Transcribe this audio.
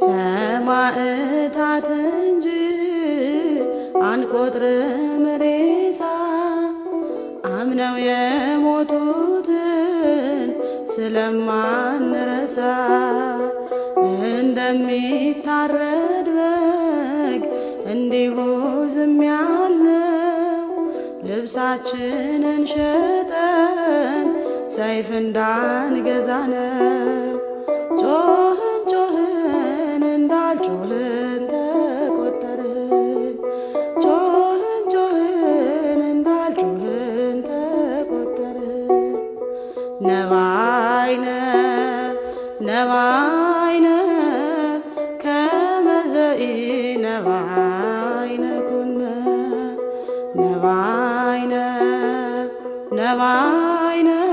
ሰማዕታት እንጂ አንቆጥርም ሬሳ አምነው የሞቱትን ስለማንረሳ እንደሚታረድ በግ እንዲሁ ዝም ያለው ልብሳችንን ሸጠን ሰይፍ እንዳንገዛነ ጮህን ተቆጠርን ጮህን ጮህን እንዳልጮህን ተቆጠርን ነባይነ ነባይነ ነባይነ ነባይነ